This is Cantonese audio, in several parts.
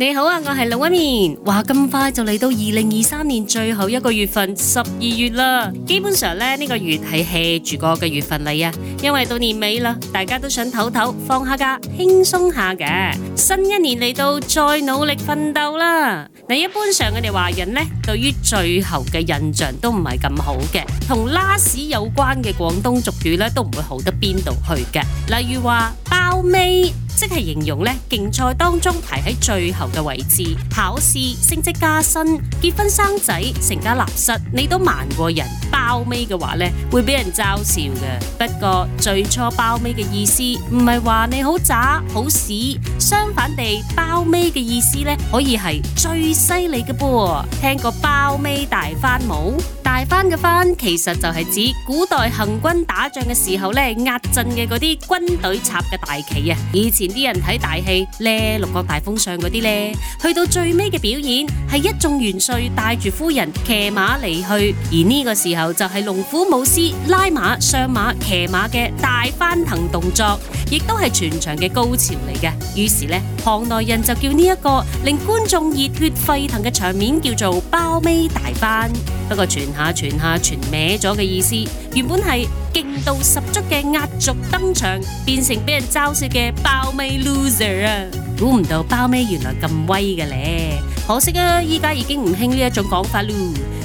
你好啊，我係龍紋敏。話咁快就嚟到二零二三年最後一個月份十二月啦。基本上咧，呢個月係 hea 住過嘅月份嚟啊，因為到年尾啦，大家都想唞唞放下假，輕鬆下嘅。新一年嚟到，再努力奮鬥啦。嗱，一般上我哋華人呢，對於最後嘅印象都唔係咁好嘅，同拉屎有關嘅廣東俗語咧都唔會好得邊度去嘅，例如話包尾。即係形容咧，競賽當中排喺最後嘅位置；考試、升職、加薪、結婚生仔、成家立室，你都慢過人包尾嘅話咧，會俾人嘲笑嘅。不過最初包尾嘅意思唔係話你好渣好屎，相反地，包尾嘅意思咧可以係最犀利嘅噃。聽過包尾大幡冇？大幡嘅幡其實就係指古代行軍打仗嘅時候咧，壓陣嘅啲軍隊插嘅大旗啊，以前。啲人睇大戲咧，六國大封相嗰啲咧，去到最尾嘅表演係一眾元帥帶住夫人騎馬離去，而呢個時候就係龍虎武師拉馬上馬騎馬嘅大翻騰動作。亦都係全場嘅高潮嚟嘅，於是咧，行內人就叫呢一個令觀眾熱血沸騰嘅場面叫做包尾大幡，不過傳下傳下傳下傳歪咗嘅意思，原本係勁到十足嘅壓軸登場，變成俾人嘲笑嘅包尾 loser 啊！估唔到包尾原來咁威嘅咧，可惜啊，依家已經唔興呢一種講法咯。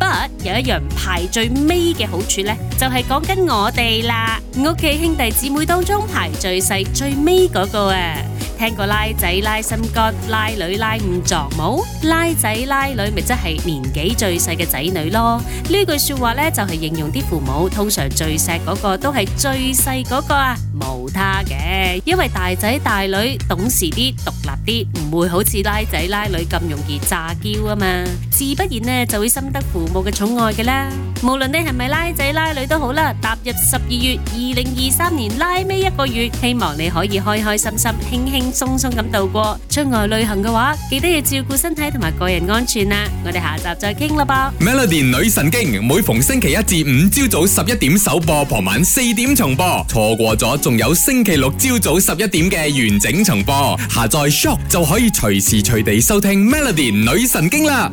But 有一樣排最尾嘅好處呢，就係講緊我哋啦。屋企兄弟姊妹當中排最細最尾嗰個啊，聽過拉仔拉心肝，拉女拉唔作母，拉仔拉女咪即係年紀最細嘅仔女咯。呢句說話呢，就係、是、形容啲父母通常最錫嗰個都係最細嗰個啊，冇他嘅，因為大仔大女懂事啲，獨立啲，唔會好似拉仔拉女咁容易詐嬌啊嘛。自不然呢，就會深得父母嘅寵愛嘅啦。無論你係咪拉仔拉女都好啦，踏入十二月二零二三年拉尾一個月，希望你可以開開心心、輕輕鬆鬆咁度過。出外旅行嘅話，記得要照顧身體同埋個人安全啦。我哋下集再傾啦噃。Melody 女神經每逢星期一至五朝早十一點首播，傍晚四點重播。錯過咗，仲有星期六朝早十一點嘅完整重播。下載 shop 就可以隨時隨地收聽 Melody 女神經啦。